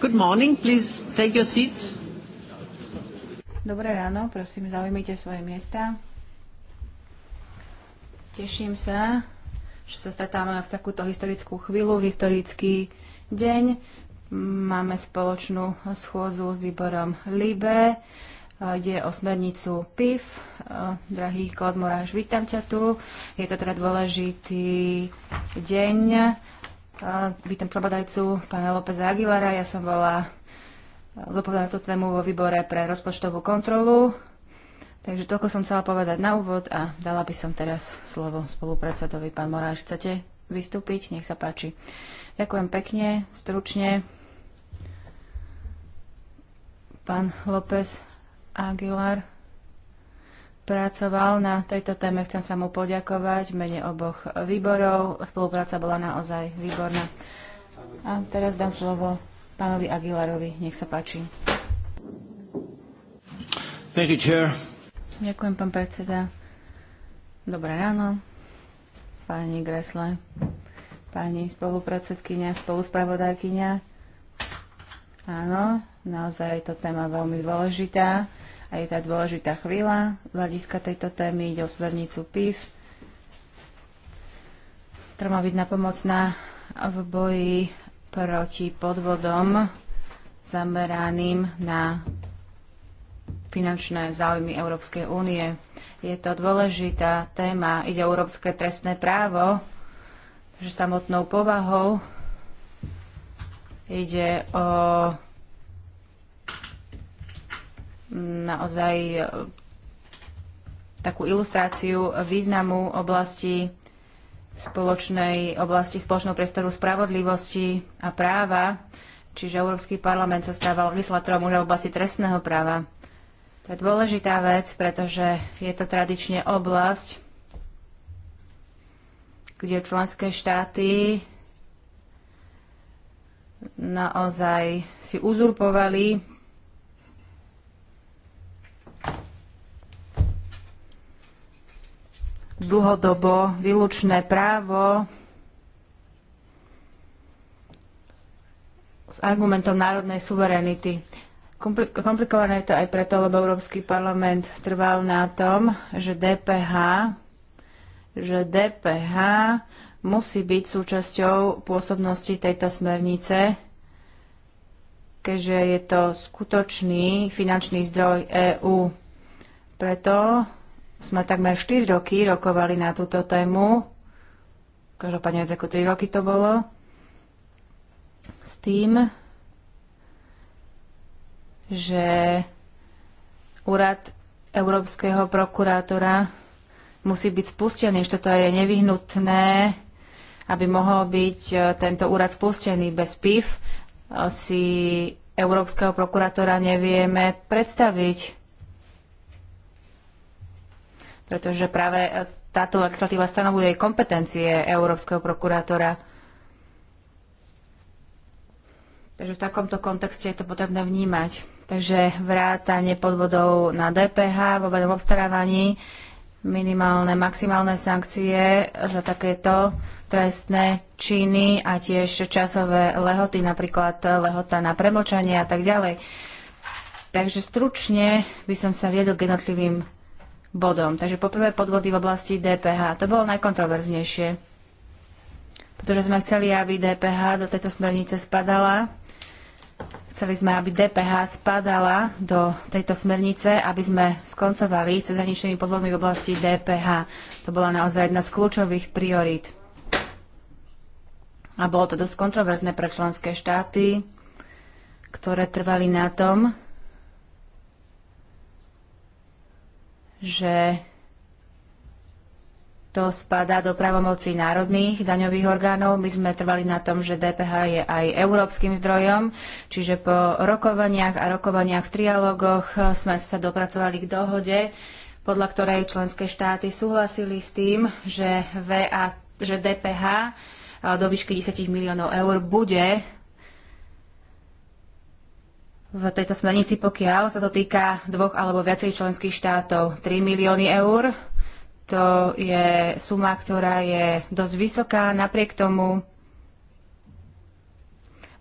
Good morning, please take your seats. Dobré ráno, prosím, zaujímite svoje miesta. Teším sa, že sa stretávame v takúto historickú chvíľu, v historický deň. Máme spoločnú schôzu s výborom LIBE Ide o smernicu PIF. Drahý Klad Moráš, vítam ťa tu. Je to teda dôležitý deň. Vítam prabodajcu pána López Aguilara. Ja som bola zopovedaná tú tému vo výbore pre rozpočtovú kontrolu. Takže toľko som chcela povedať na úvod a dala by som teraz slovo spolupracatovi. Pán Moráš, chcete vystúpiť? Nech sa páči. Ďakujem pekne, stručne. Pán López Aguilar pracoval na tejto téme. Chcem sa mu poďakovať v mene oboch výborov. Spolupráca bola naozaj výborná. A teraz dám slovo pánovi Aguilarovi. Nech sa páči. Thank you, chair. Ďakujem, pán predseda. Dobré ráno, pani Gresle, pani spolupredsedkynia, spoluspravodajkynia. Áno, naozaj je to téma veľmi dôležitá a je tá dôležitá chvíľa z hľadiska tejto témy, ide o smernicu PIF, ktorá má byť napomocná v boji proti podvodom zameraným na finančné záujmy Európskej únie. Je to dôležitá téma, ide o európske trestné právo, že samotnou povahou ide o naozaj e, takú ilustráciu významu oblasti spoločnej oblasti spoločného priestoru spravodlivosti a práva, čiže Európsky parlament sa stával legislatorom už v oblasti trestného práva. To je dôležitá vec, pretože je to tradične oblasť, kde členské štáty naozaj si uzurpovali dlhodobo výlučné právo s argumentom národnej suverenity. Komplikované je to aj preto, lebo Európsky parlament trval na tom, že DPH, že DPH musí byť súčasťou pôsobnosti tejto smernice, keďže je to skutočný finančný zdroj EÚ. Preto sme takmer 4 roky rokovali na túto tému. Každopádne viac ako 3 roky to bolo. S tým, že úrad európskeho prokurátora musí byť spustený, že toto je nevyhnutné, aby mohol byť e, tento úrad spustený bez PIF, si európskeho prokurátora nevieme predstaviť pretože práve e, táto legislatíva stanovuje aj kompetencie Európskeho prokurátora. Takže v takomto kontexte je to potrebné vnímať. Takže vrátanie podvodov na DPH vo vedom obstarávaní, minimálne, maximálne sankcie za takéto trestné činy a tiež časové lehoty, napríklad lehota na premlčanie a tak ďalej. Takže stručne by som sa viedol k jednotlivým bodom. Takže poprvé podvody v oblasti DPH. To bolo najkontroverznejšie, pretože sme chceli, aby DPH do tejto smernice spadala. Chceli sme, aby DPH spadala do tejto smernice, aby sme skoncovali cez zaničenými podvodmi v oblasti DPH. To bola naozaj jedna z kľúčových priorít. A bolo to dosť kontroverzné pre členské štáty, ktoré trvali na tom, že to spadá do pravomocí národných daňových orgánov. My sme trvali na tom, že DPH je aj európskym zdrojom, čiže po rokovaniach a rokovaniach v trialógoch sme sa dopracovali k dohode, podľa ktorej členské štáty súhlasili s tým, že, VA, že DPH do výšky 10 miliónov eur bude v tejto smernici, pokiaľ sa to týka dvoch alebo viacej členských štátov. 3 milióny eur, to je suma, ktorá je dosť vysoká. Napriek tomu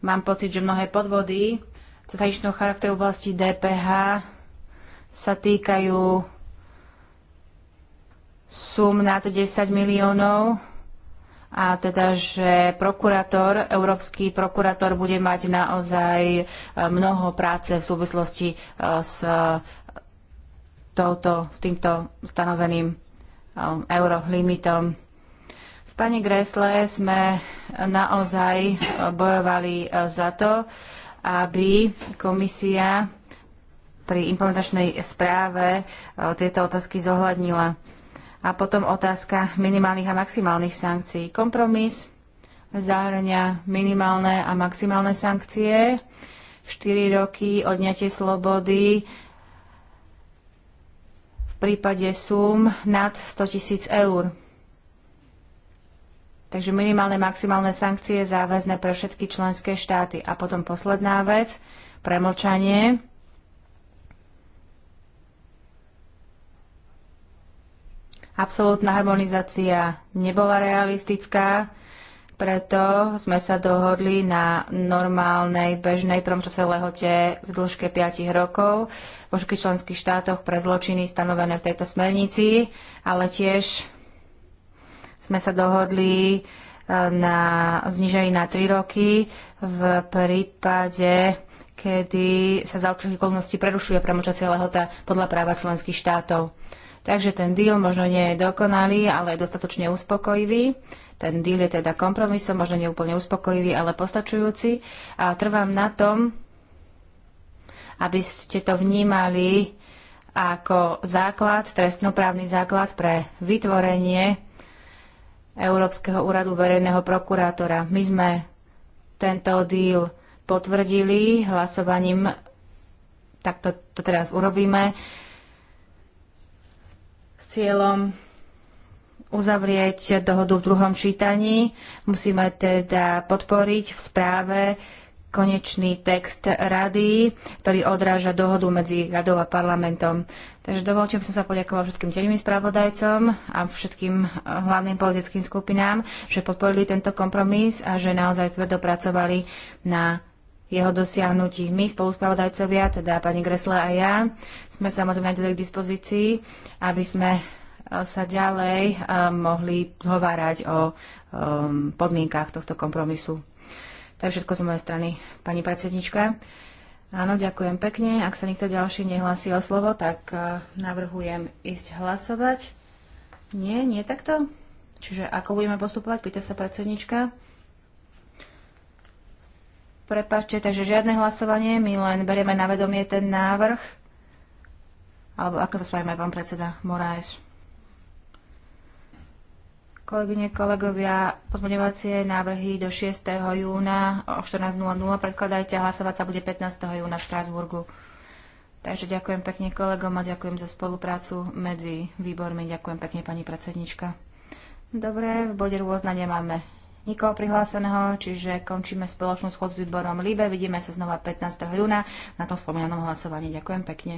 mám pocit, že mnohé podvody cezhraničného charakteru v oblasti DPH sa týkajú sum nad 10 miliónov a teda, že prokurátor, európsky prokurátor bude mať naozaj e, mnoho práce v súvislosti e, s, e, touto, s týmto stanoveným eurolimitom. S pani Gresle sme naozaj bojovali za to, aby komisia pri implementačnej správe tieto otázky zohľadnila. A potom otázka minimálnych a maximálnych sankcií. Kompromis zahrania minimálne a maximálne sankcie, 4 roky odňatie slobody v prípade sum nad 100 tisíc eur. Takže minimálne maximálne sankcie záväzne pre všetky členské štáty. A potom posledná vec, premlčanie absolútna harmonizácia nebola realistická, preto sme sa dohodli na normálnej bežnej promčasovej lehote v dĺžke 5 rokov vo všetkých členských štátoch pre zločiny stanovené v tejto smernici, ale tiež sme sa dohodli e, na znižení na 3 roky v prípade, kedy sa za okolností prerušuje premočacia lehota podľa práva členských štátov. Takže ten deal možno nie je dokonalý, ale je dostatočne uspokojivý. Ten deal je teda kompromisom, možno neúplne uspokojivý, ale postačujúci. A trvám na tom, aby ste to vnímali ako základ, trestnoprávny základ pre vytvorenie Európskeho úradu verejného prokurátora. My sme tento deal potvrdili hlasovaním, tak to, to teraz urobíme s cieľom uzavrieť dohodu v druhom čítaní. Musíme teda podporiť v správe konečný text rady, ktorý odráža dohodu medzi radou a parlamentom. Takže dovolte, by som sa poďakoval všetkým tieňovým spravodajcom a všetkým hlavným politickým skupinám, že podporili tento kompromis a že naozaj tvrdo pracovali na jeho dosiahnutí. My, spoluspravodajcovia, teda pani Gresla a ja, sme samozrejme aj k dispozícii, aby sme e, sa ďalej e, mohli zhovárať o e, podmienkách tohto kompromisu. To je všetko z mojej strany, pani predsednička. Áno, ďakujem pekne. Ak sa nikto ďalší nehlasí o slovo, tak navrhujem ísť hlasovať. Nie, nie takto? Čiže ako budeme postupovať? Pýta sa predsednička. Prepačte, takže žiadne hlasovanie, my len berieme na vedomie ten návrh. Alebo ako to spravíme, pán predseda Moraes? Kolegyne, kolegovia, pozmeňovacie návrhy do 6. júna o 14.00 predkladajte a hlasovať sa bude 15. júna v Štrásburgu. Takže ďakujem pekne kolegom a ďakujem za spoluprácu medzi výbormi. Ďakujem pekne pani predsednička. Dobre, v bode rôzna nemáme nikoho prihláseného, čiže končíme spoločnú schod s výborom Líbe. Vidíme sa znova 15. júna na tom spomínanom hlasovaní. Ďakujem pekne.